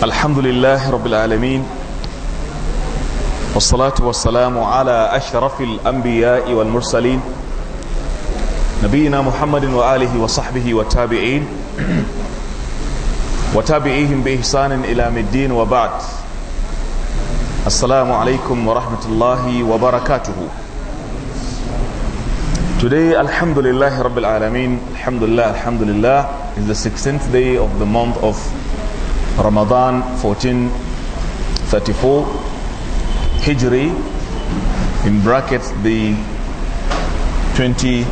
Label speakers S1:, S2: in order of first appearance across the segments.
S1: الحمد لله رب العالمين والصلاة والسلام على أشرف الأنبياء والمرسلين نبينا محمد وآله وصحبه وتابعين وتابعيهم بإحسان إلى مدين وبعد السلام عليكم ورحمة الله وبركاته Today, Alhamdulillah, Rabbil Alameen, Alhamdulillah, Alhamdulillah, is the 16th day of the month of Ramadan 1434 Hijri in brackets the 20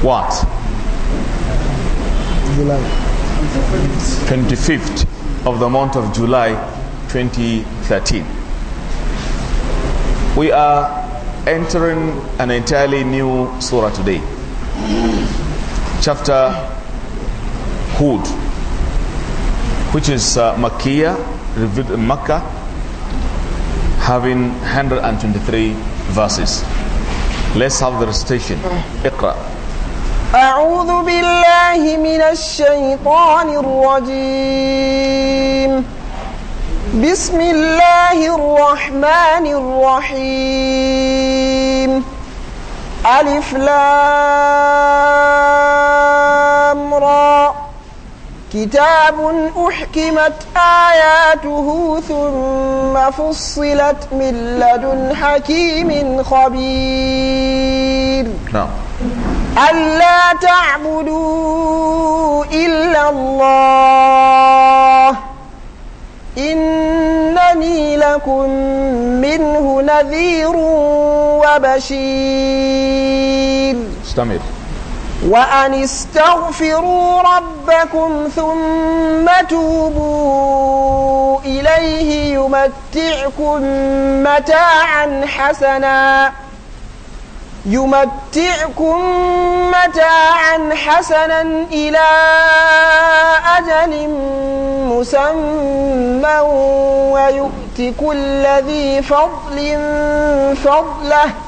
S1: what? July 25th of the month of July 2013 we are entering an entirely new surah today chapter Hood which is uh, Makkiyah, revealed in Makkah, having 123 verses. Let's have the recitation. Iqra.
S2: أعوذ بالله من الشيطان الرجيم بسم الله الرحمن الرحيم ألف لام كتاب أحكمت آياته ثم فصلت من لدن حكيم خبير نعم ألا تعبدوا إلا الله إنني لكم منه نذير وبشير استمر وأن استغفروا ربكم ثم توبوا إليه يمتعكم متاعا حسنا يمتعكم متاعا حسنا إلى أجل مسمى ويؤت كل ذي فضل فضله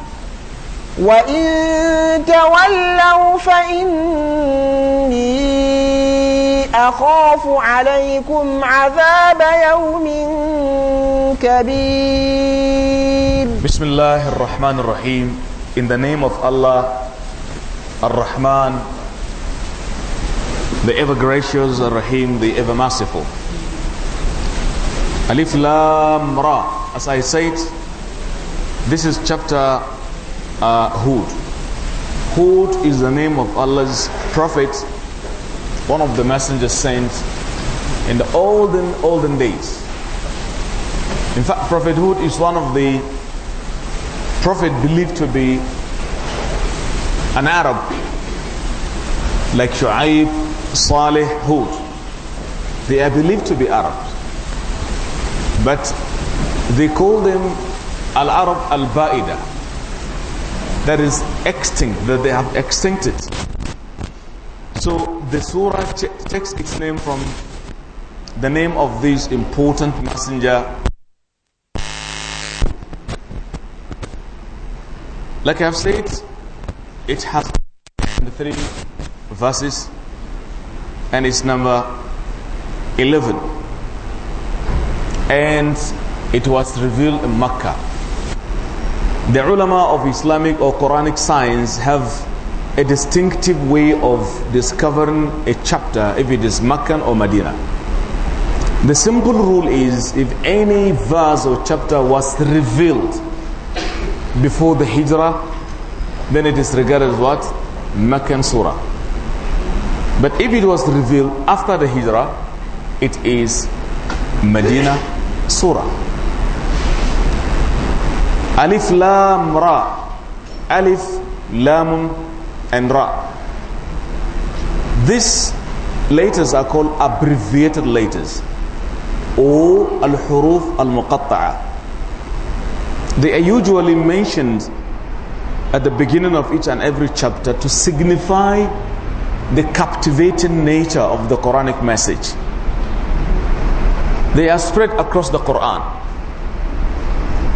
S2: وإن تولوا فإني أخاف عليكم عذاب يوم كبير
S1: بسم الله الرحمن الرحيم In the name of Allah Ar-Rahman The ever gracious Ar-Rahim The ever merciful Alif Lam Ra As I said This is chapter uh, Hud. Hud is the name of Allah's prophet, one of the messengers sent in the olden, olden days. In fact, Prophet Hud is one of the prophet believed to be an Arab, like Shu'aib, Saleh, Hud. They are believed to be Arabs. But they call them Al-Arab Al-Ba'ida that is extinct, that they have extincted. So the surah takes its name from the name of this important messenger. Like I've said, it has three verses and it's number 11. And it was revealed in Makkah. The ulama of Islamic or Quranic science have a distinctive way of discovering a chapter if it is Makkah or Medina. The simple rule is if any verse or chapter was revealed before the Hijrah, then it is regarded as what? Makkah Surah. But if it was revealed after the Hijrah, it is Medina Surah. Alif Lam Ra. Alif Lam and Ra. These letters are called abbreviated letters or al-huruf al-muqatta'a. They are usually mentioned at the beginning of each and every chapter to signify the captivating nature of the Quranic message. They are spread across the Quran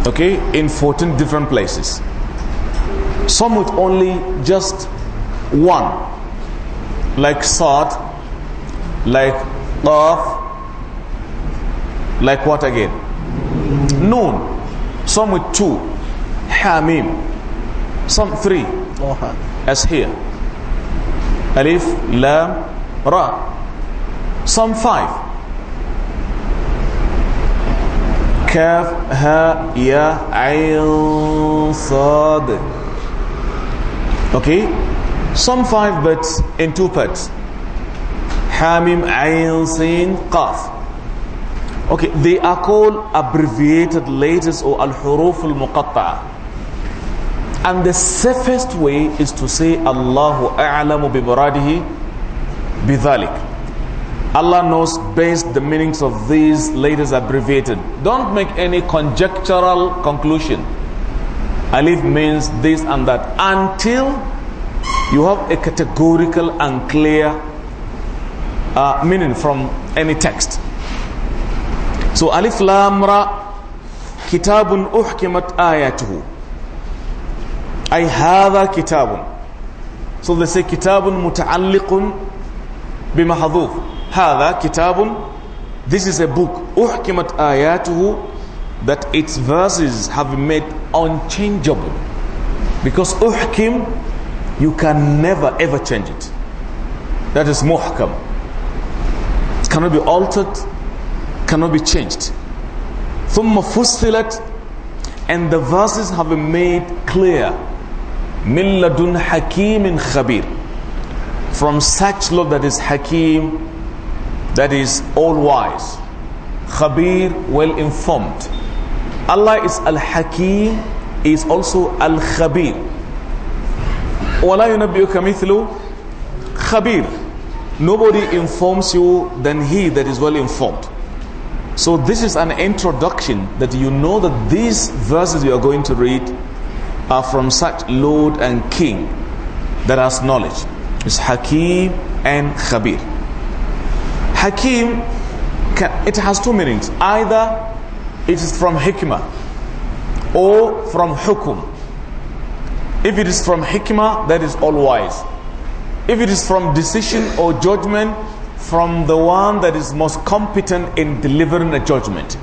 S1: okay, in 14 different places. Some with only just one, like Sa'd, like Qaf, like what again? Noon. Some with two, Hamim. Some three, as here. Alif, Lam, Ra. Some five. كاف ها يا عين صاد okay some five bits in two parts حاميم عين سين قاف okay they are called abbreviated letters or al-huruf al and the safest way is to say Allahu a'lamu bi بذلك Allah knows best the meanings of these latest abbreviated. Don't make any conjectural conclusion. Alif means this and that until you have a categorical and clear uh, meaning from any text. So Alif Lam Ra Kitabun Uhkimat Ayatu. I a Kitabun. So they say Kitabun متعلق بمحذوف this is a book أحكمت آياته that its verses have been made unchangeable because Uḥkīm, you can never ever change it that is muhkam it cannot be altered cannot be changed Thumma fustilat, and the verses have been made clear min ladun حكيم khābir, from such law that is hakim that is all wise khabir well informed allah is al-hakim is also al-khabir khabir nobody informs you than he that is well informed so this is an introduction that you know that these verses you are going to read are from such lord and king that has knowledge It's hakim and khabir Hakim, it has two meanings. Either it is from hikmah or from hukum. If it is from hikmah, that is all wise. If it is from decision or judgment, from the one that is most competent in delivering a judgment.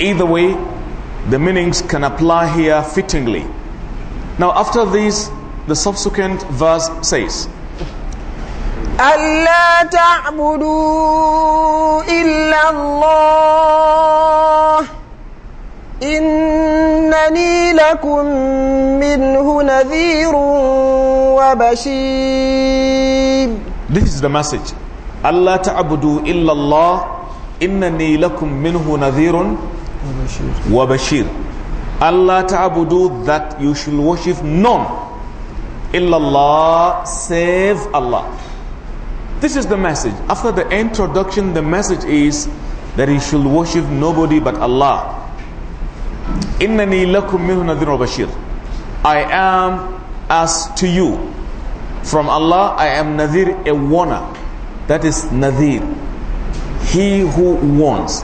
S1: Either way, the meanings can apply here fittingly. Now, after this, the subsequent verse says,
S2: ألا تعبدوا إلا الله إنني لكم منه نذير وبشير
S1: This is the message ألا تعبدوا إلا الله إنني لكم منه نذير وبشير ألا تعبدوا that you should worship none إلا الله save Allah This is the message. After the introduction, the message is that he should worship nobody but Allah. I am as to you. From Allah, I am Nadir, a warner. That is Nadir. He who warns.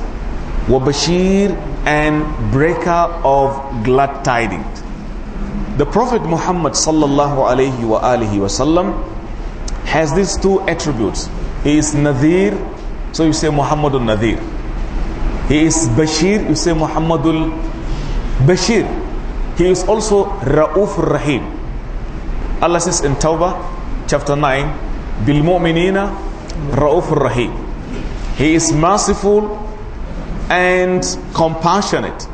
S1: Wabashir and breaker of glad tidings. The Prophet Muhammad sallallahu alayhi wa alihi wa sallam has these two attributes. He is Nadir, so you say Muhammadul Nadir. He is Bashir, you say Muhammadul Bashir. He is also Ra'uf Rahim. Allah says in Tawbah chapter 9, Bil Mu'minina Ra'uf Rahim. He is merciful and compassionate.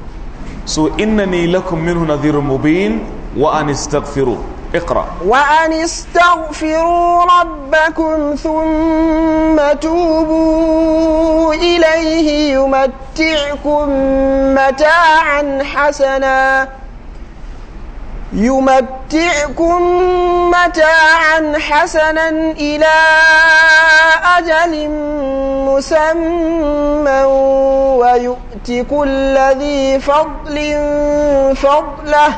S1: So, إِنَّنِي لَكُمْ مِنْهُ نَذِيرٌ mubin wa اسْتَغْفِرُونَ اقرأ
S2: وأن استغفروا ربكم ثم توبوا إليه يمتعكم متاعا حسنا يمتعكم متاعا حسنا إلى أجل مسمى ويؤتك الذي ذي فضل فضله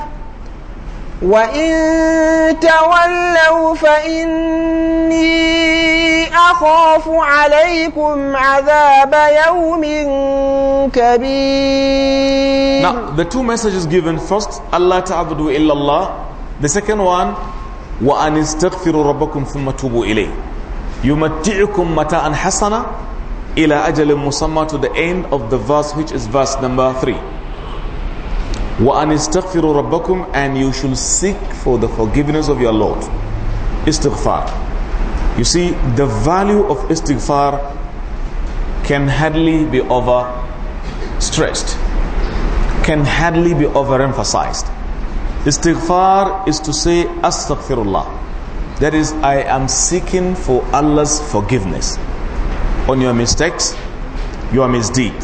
S2: وإن تولوا فإني أخاف عليكم عذاب يوم كبير Now,
S1: the two messages given first, Allah illa Allah The second one, وأن استغفروا ربكم ثم توبوا إليه. يمتعكم متاعا حسنا إلى أجل مسمى to the end of the verse which is verse number three. وَأَنِسْتَغْفِرُوا رَبَّكُمْ And you should seek for the forgiveness of your Lord. Istighfar. You see, the value of istighfar can hardly be overstressed, can hardly be overemphasized. Istighfar is to say, Astaghfirullah. That is, I am seeking for Allah's forgiveness on your mistakes, your misdeed.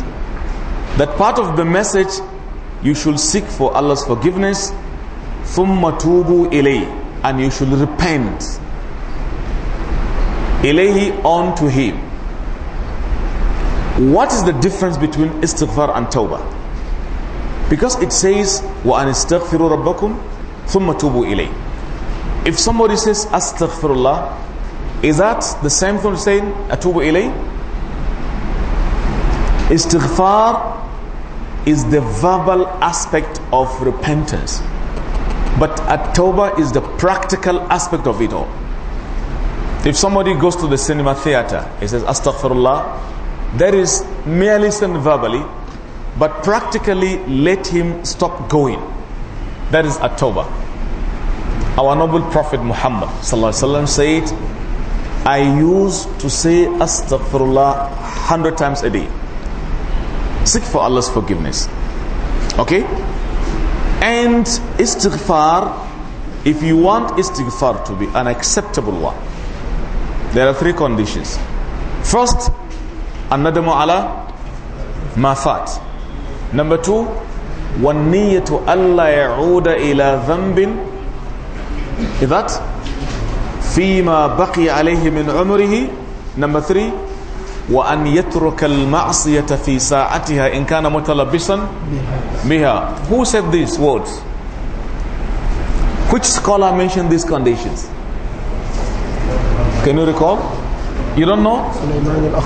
S1: That part of the message you should seek for Allah's forgiveness thumma tubu إِلَيْهِ and you should repent on to him what is the difference between istighfar and tawbah because it says wa اسْتَغْفِرُوا رَبَّكُمْ ثُمَّ تُوبُوا إِلَيْهِ if somebody says astaghfirullah is that the same thing as saying atubu ilayh istighfar is the verbal aspect of repentance. But at Tawbah is the practical aspect of it all. If somebody goes to the cinema theater, he says, Astaghfirullah, that is merely said verbally, but practically let him stop going. That is at Tawbah. Our noble Prophet Muhammad وسلم, said, I used to say Astaghfirullah 100 times a day. Seek for Allah's forgiveness. Okay? And istighfar, if you want istighfar to be an acceptable one, there are three conditions. First, anadamu ala mafat. Number two, Allah ألا ila إلى Is that فيما بقي alayhi min عمره number three وأن يترك المعصية في ساعتها إن كان متلبسا بها Who said these words? Which scholar mentioned these conditions? Can you recall? You don't know?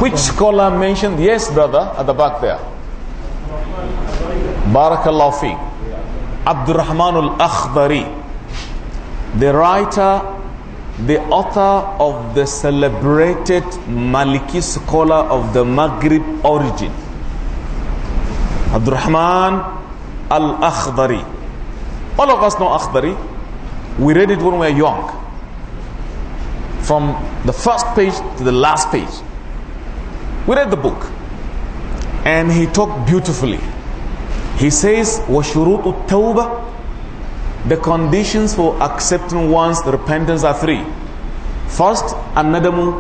S1: Which scholar mentioned? Yes, brother, at the back there. Barakallahu fi. Abdurrahman al-Akhdari. The writer the author of the celebrated Maliki scholar of the Maghrib origin, Abdurrahman al-Akhdari. All of us know Akhdari. We read it when we were young. From the first page to the last page. We read the book. And he talked beautifully. He says, وَشُرُوطُ التَّوْبَةِ the conditions for accepting one's repentance are three. First, anadamu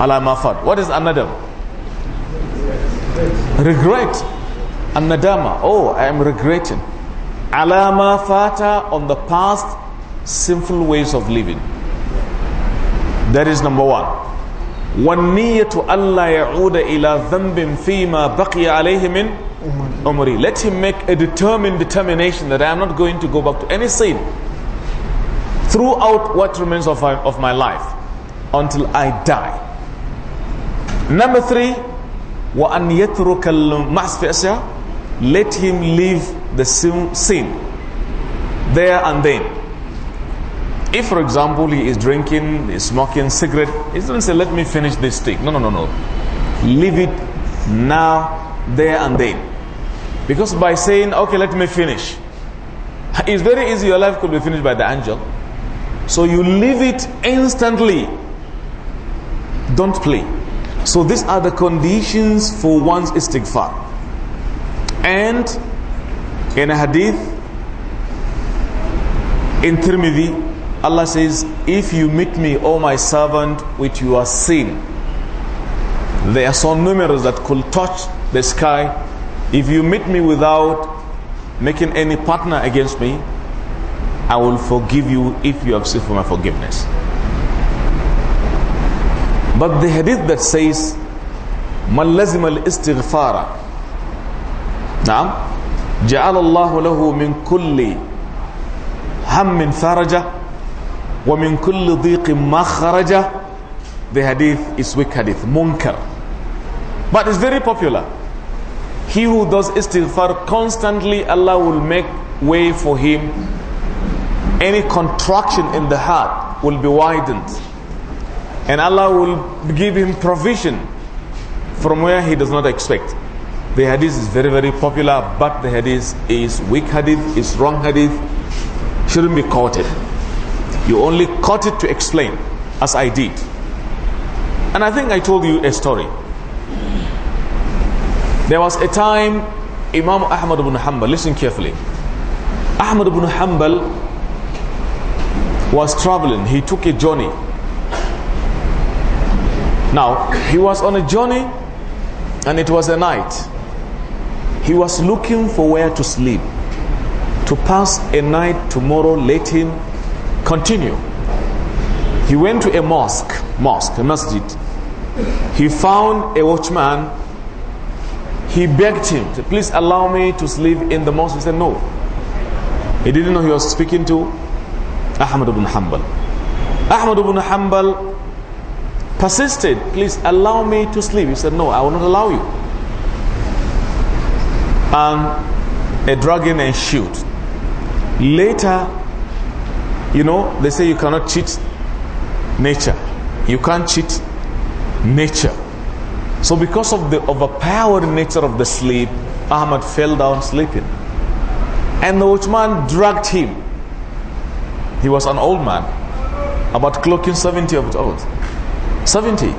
S1: ala mafad. What is anadam? Regret. Anadama. Oh, I am regretting. Ala mafata on the past sinful ways of living. That is number one. والنية ألا يعود إلى ذنب فيما بقي عليه من Umari. Let him make a determined determination that I am not going to go back to any sin throughout what remains of my, of my life until I die. Number three, وَأَنْ يَتْرُكَ الْمَعْسْفِئَسِيَا Let him leave the sin, there and then. If, for example, he is drinking, is smoking cigarette, he doesn't say, let me finish this stick. No, no, no, no. Leave it now there and then. Because by saying, okay, let me finish, it's very easy, your life could be finished by the angel. So you leave it instantly. Don't play. So these are the conditions for one's istighfar. And in a hadith, in Tirmidhi, Allah says, If you meet me, O my servant, with your sin, they are so numerous that could touch the sky, if you meet me without making any partner against me, I will forgive you if you have sought for my forgiveness. But the hadith that says, من al الاستغفار نعم جعل الله له من كل هم فرجة ومن كل ضيق مخرجة the hadith is weak hadith munkar but it's very popular he who does istighfar constantly, Allah will make way for him. Any contraction in the heart will be widened. And Allah will give him provision from where he does not expect. The hadith is very, very popular, but the hadith is weak hadith, is wrong hadith, shouldn't be quoted. You only quote it to explain, as I did. And I think I told you a story. There was a time Imam Ahmad ibn Hanbal, listen carefully. Ahmad ibn Hanbal was traveling. He took a journey. Now, he was on a journey and it was a night. He was looking for where to sleep, to pass a night tomorrow, let him continue. He went to a mosque, mosque, a masjid. He found a watchman he begged him, to, please allow me to sleep in the mosque. He said, no. He didn't know he was speaking to Ahmad ibn Hanbal. Ahmad ibn Hanbal persisted, please allow me to sleep. He said, no, I will not allow you. And a dragon ensued. Later, you know, they say you cannot cheat nature. You can't cheat nature. So because of the overpowering nature of the sleep, Ahmad fell down sleeping. And the watchman dragged him. He was an old man, about clocking 70 of old. 70.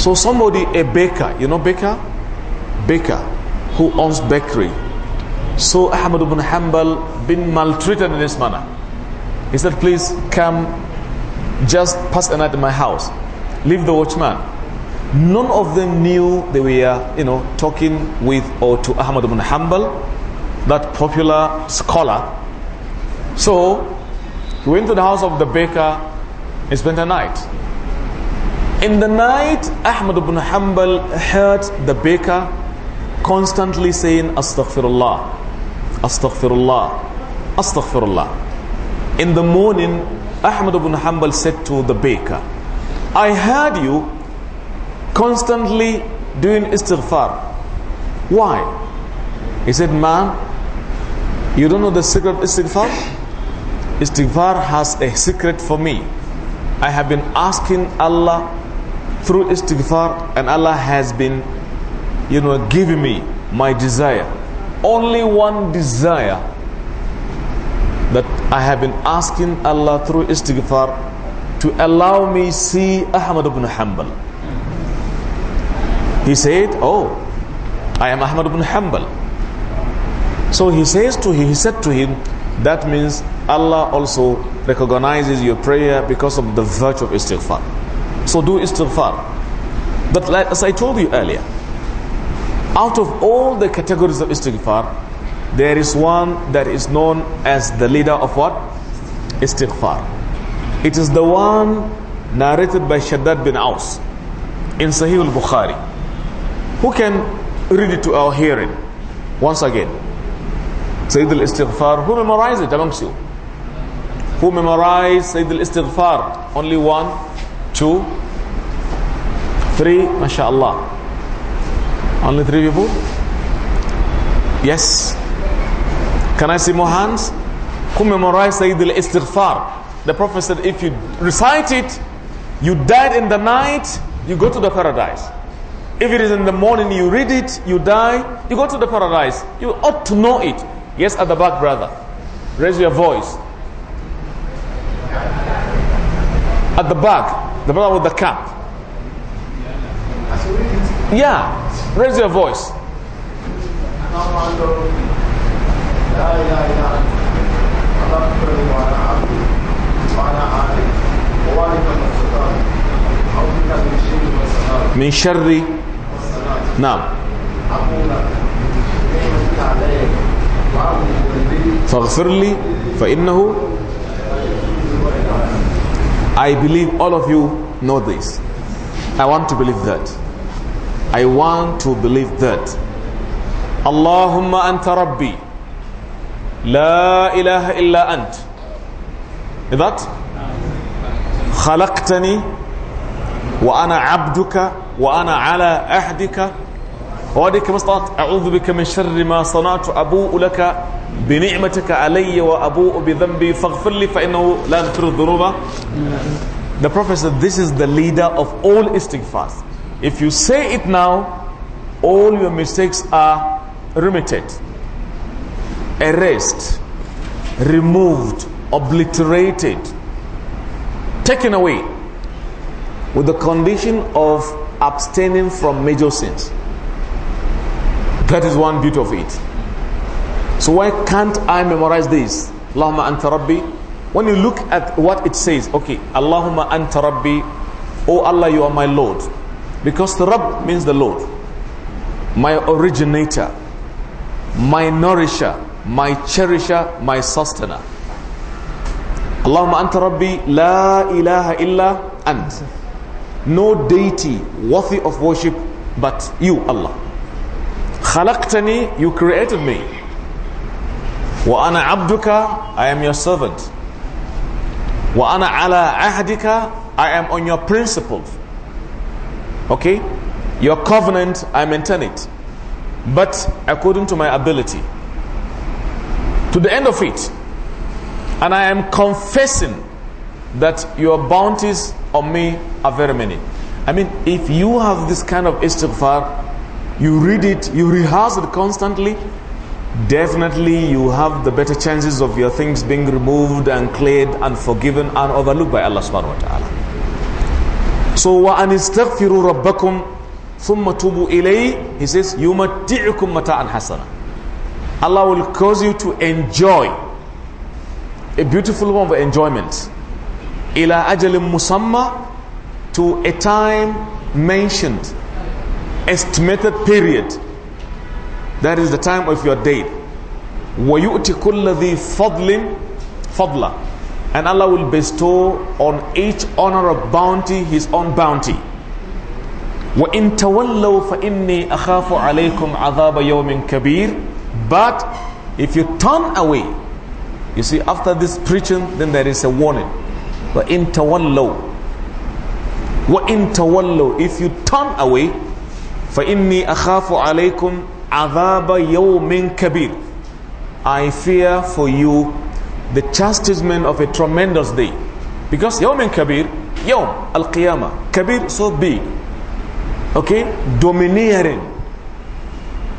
S1: So somebody, a baker, you know baker? Baker, who owns bakery. So Ahmad ibn Hanbal been maltreated in this manner. He said, please come, just pass a night in my house. Leave the watchman none of them knew they were, you know, talking with or to Ahmad ibn Hanbal, that popular scholar. So he went to the house of the baker and spent a night. In the night, Ahmad ibn Hanbal heard the baker constantly saying, Astaghfirullah, Astaghfirullah, Astaghfirullah. In the morning, Ahmad ibn Hanbal said to the baker, I heard you constantly doing istighfar. Why? He said, man, you don't know the secret of istighfar? Istighfar has a secret for me. I have been asking Allah through istighfar and Allah has been, you know, giving me my desire. Only one desire that I have been asking Allah through istighfar to allow me see Ahmad ibn Hanbal. He said, oh, I am Ahmad ibn Hanbal. So he says to him, he said to him, that means Allah also recognizes your prayer because of the virtue of istighfar. So do istighfar. But like, as I told you earlier, out of all the categories of istighfar, there is one that is known as the leader of what? Istighfar. It is the one narrated by Shaddad bin Aus in Sahih al-Bukhari. Who can read it to our hearing? Once again. Sayyid al-Istighfar. Who memorized it amongst you? Who memorized Sayyid al-Istighfar? Only one, two, three. MashaAllah. Only three people? Yes. Can I see more hands? Who memorized Sayyid al-Istighfar? The Prophet said, if you recite it, you died in the night, you go to the paradise. If it is in the morning, you read it, you die, you go to the paradise. You ought to know it. Yes, at the back, brother. Raise your voice. At the back, the brother with the cap. Yeah, raise your voice. من شر نعم فاغفر لي فإنه I believe all of you know this. I want to believe that. I want to believe that. اللهم أنت ربي لا إله إلا أنت Is that? خلقتني وأنا عبدك وأنا على عهدك كما استطعت أعوذ بك من شر ما صنعت أبوء لك بنعمتك علي وأبوء بذنبي فاغفر لي فإنه لا يغفر الذنوب The Prophet said this is the leader of all istighfar. If you say it now, all your mistakes are remitted, erased, removed, obliterated, taken away with the condition of abstaining from major sins. That is one beauty of it. So why can't I memorize this? Allahumma anta rabbi. When you look at what it says, okay, Allahumma anta rabbi, oh Allah, you are my Lord. Because the Rabb means the Lord. My originator, my nourisher, my cherisher, my sustainer. Allahumma anta rabbi, la ilaha illa ant. No deity worthy of worship but you, Allah. خلقتني, you created me. وأنا عبدك, I am your servant. وأنا على عهدك, I am on your principles. Okay? Your covenant, I maintain it. But according to my ability. To the end of it. And I am confessing that your bounties on me are very many. I mean, if you have this kind of istighfar, you read it, you rehearse it constantly, definitely you have the better chances of your things being removed and cleared and forgiven and overlooked by Allah subhanahu wa ta'ala. So, وَأَنِ اسْتَغْفِرُوا رَبَّكُمْ ثُمَّ تُوبُوا إِلَيْهِ He says, يُمَتِّعُكُمْ مَتَاعًا حَسَنًا Allah will cause you to enjoy a beautiful one for enjoyment. إِلَىٰ أَجَلٍ مُسَمَّى To a time mentioned estimated period. That is the time of your death. وَيُؤْتِ كُلَّ فَضْلٍ فَضْلًا And Allah will bestow on each honor of bounty his own bounty. وَإِن تَوَلَّوْا فَإِنِّي أَخَافُ عَلَيْكُمْ عَذَابَ يَوْمٍ كَبِيرٍ But if you turn away, you see, after this preaching, then there is a warning. وَإِن تَوَلَّوْا وَإِن تَوَلَّوْا If you turn away, فَإِنِّي أَخَافُ عَلَيْكُمْ عَذَابَ يَوْمٍ كَبِيرٍ I fear for you the chastisement of a tremendous day. Because يوم كبير يوم القيامة كبير so big. Okay? Domineering.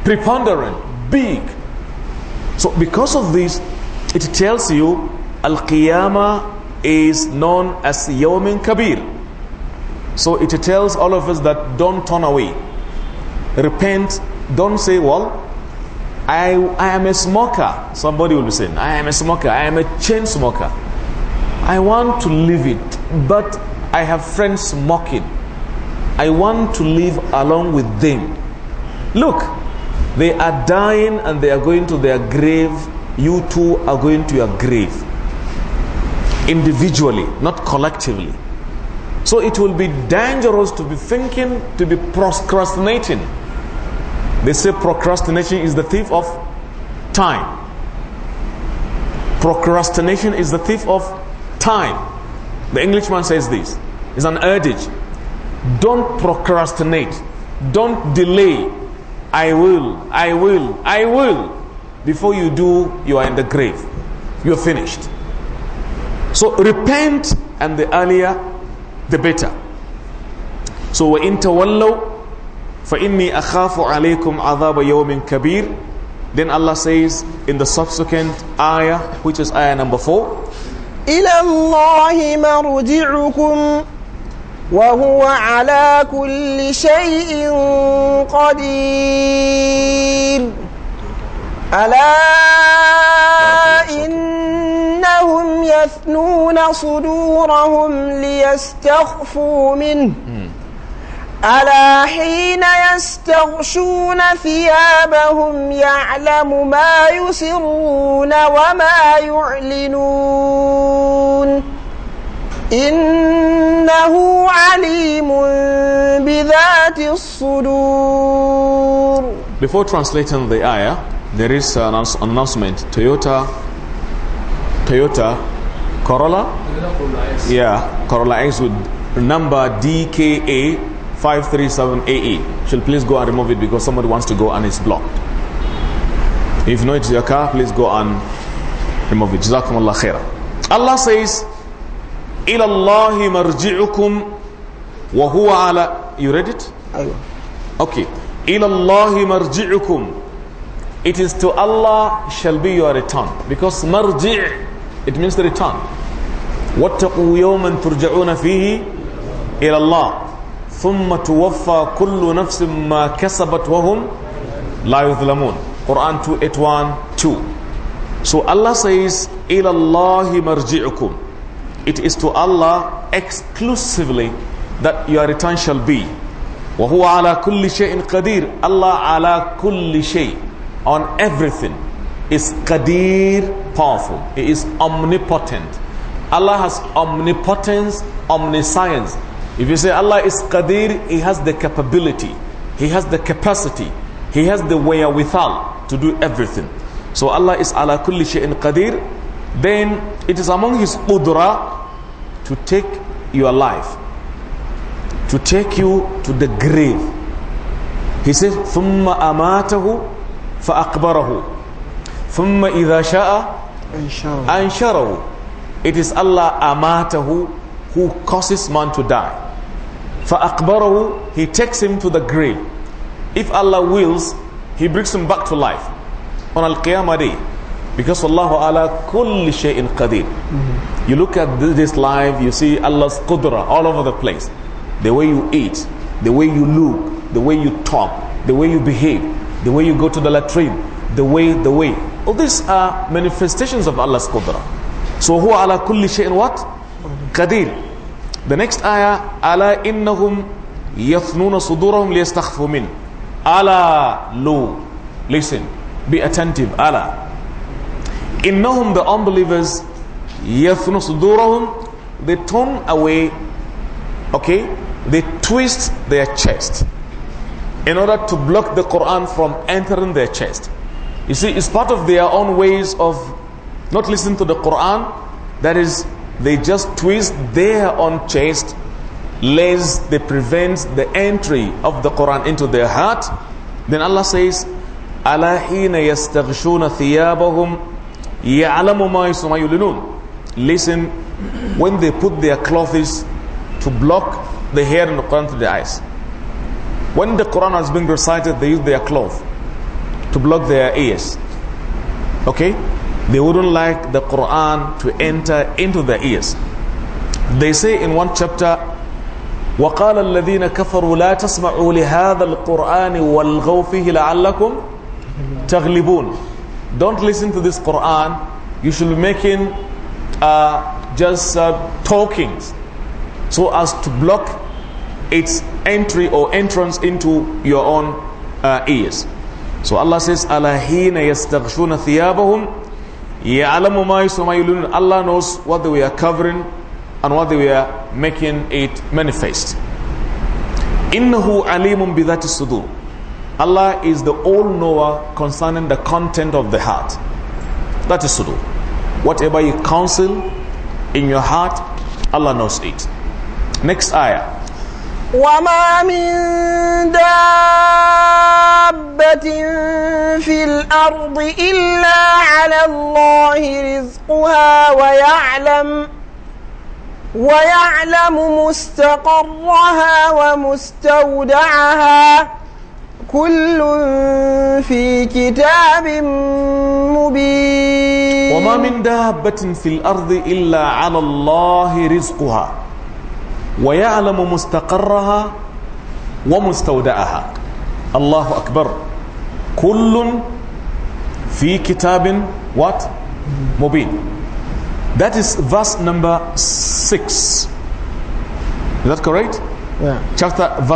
S1: Preponderant. Big. So because of this, it tells you al qiyama is known as Yawmin Kabir. So it tells all of us that don't turn away repent. Don't say, well, I, I am a smoker. Somebody will be saying, I am a smoker. I am a chain smoker. I want to leave it, but I have friends smoking. I want to live along with them. Look, they are dying and they are going to their grave. You too are going to your grave. Individually, not collectively. So it will be dangerous to be thinking, to be procrastinating they say procrastination is the thief of time. Procrastination is the thief of time. The Englishman says this. It's an adage. Don't procrastinate. Don't delay. I will, I will, I will. Before you do, you are in the grave. You're finished. So repent and the earlier, the better. So we interwallow. فَإِنِّي أَخَافُ عَلَيْكُمْ عَذَابَ يَوْمٍ كَبِيرٍ Then Allah says in the subsequent ayah, which is ayah number four,
S2: إِلَى اللَّهِ مَرْجِعُكُمْ وَهُوَ عَلَى كُلِّ شَيْءٍ قَدِيرٌ أَلَا إِنَّهُمْ يَثْنُونَ صُدُورَهُمْ لِيَسْتَخْفُوا مِنْهُ hmm. ألا حين يستغشون ثيابهم يعلم ما يسرون وما يعلنون إنه عليم بذات الصدور
S1: Before translating the ayah, there is an announcement. Toyota, Toyota Corolla? Yeah, Corolla X with number DKA 537 AE. She'll please go and remove it because somebody wants to go and it's blocked. If you know it's your car, please go and remove it. Allah khairah. Allah says, إِلَى اللَّهِ مَرْجِعُكُمْ وَهُوَ عَلَى You read it? Okay. إِلَى اللَّهِ مَرْجِعُكُمْ It is to Allah shall be your return. Because marji' it means the return. وَاتَّقُوا يَوْمًا تُرْجَعُونَ فِيهِ إِلَى اللَّهِ ثم توفى كل نفس ما كسبت وهم لا يظلمون Quran 2.8.1.2 So Allah says إِلَى اللَّهِ مَرْجِعُكُمْ It is to Allah exclusively that your return shall be وَهُوَ عَلَى كُلِّ شَيْءٍ قَدِيرٍ Allah عَلَى كُلِّ شَيْءٍ On everything is qadir powerful. He is omnipotent. Allah has omnipotence, omniscience. If you say Allah is Qadir, He has the capability, He has the capacity, He has the wherewithal to do everything. So Allah is ala kulli shay'in Qadir. Then it is among His udra to take your life, to take you to the grave. He says, ثُمَّ أَمَاتَهُ فَأَقْبَرَهُ ثُمَّ إِذَا شَاءَ أَنْشَرَهُ It is Allah amatahu who causes man to die. فأقبره, he takes him to the grave. If Allah wills, he brings him back to life on Al-Qiyamah day. Because Allah ala kulli shay'in qadir. You look at this life, you see Allah's qudra all over the place. The way you eat, the way you look, the way you talk, the way you behave, the way you go to the latrine, the way, the way. All these are manifestations of Allah's qudra. So huwa ala kulli shay'in what? Qadir. The next ayah, Allah innahum yathnuna sudurahum liyastakhfu min. Allah, lo. Listen, be attentive, Allah. Innahum, the unbelievers, yathnu sudurahum, they turn away, okay, they twist their chest in order to block the Quran from entering their chest. You see, it's part of their own ways of not listening to the Quran. That is they just twist their own chest lest they prevent the entry of the Quran into their heart. Then Allah says, أَلَا yastaghshuna يَسْتَغْشُونَ y'alamu يَعْلَمُ مَا Listen, when they put their clothes to block the hair and the Quran to their eyes. When the Quran has being recited, they use their cloth to block their ears. Okay? They wouldn't like the Quran to enter into their ears. They say in one chapter, وَقَالَ الَّذِينَ كَفَرُوا لَا تَسْمَعُوا لِهَذَا الْقُرْآنِ وَالْغَوْ فِيهِ لَعَلَّكُمْ تَغْلِبُونَ Don't listen to this Quran. You should be making uh, just uh, talkings so as to block its entry or entrance into your own uh, ears. So Allah says, "أَلَهِينَ يَسْتَغْشُونَ ثِيَابَهُمْ Allah knows what they are covering and what they are making it manifest. Innahu alimun bidhati sudur. Allah is the all-knower concerning the content of the heart. That is sudur. Whatever you counsel in your heart, Allah knows it. Next ayah.
S2: وما من دابة في الأرض إلا على الله رزقها ويعلم ويعلم مستقرها ومستودعها كل في كتاب مبين وما
S1: من دابة في الأرض إلا على الله رزقها ويعلم مستقرها ومستودعها الله أكبر كل في كتاب what مبين that is verse number six. is that correct yeah. chapter verse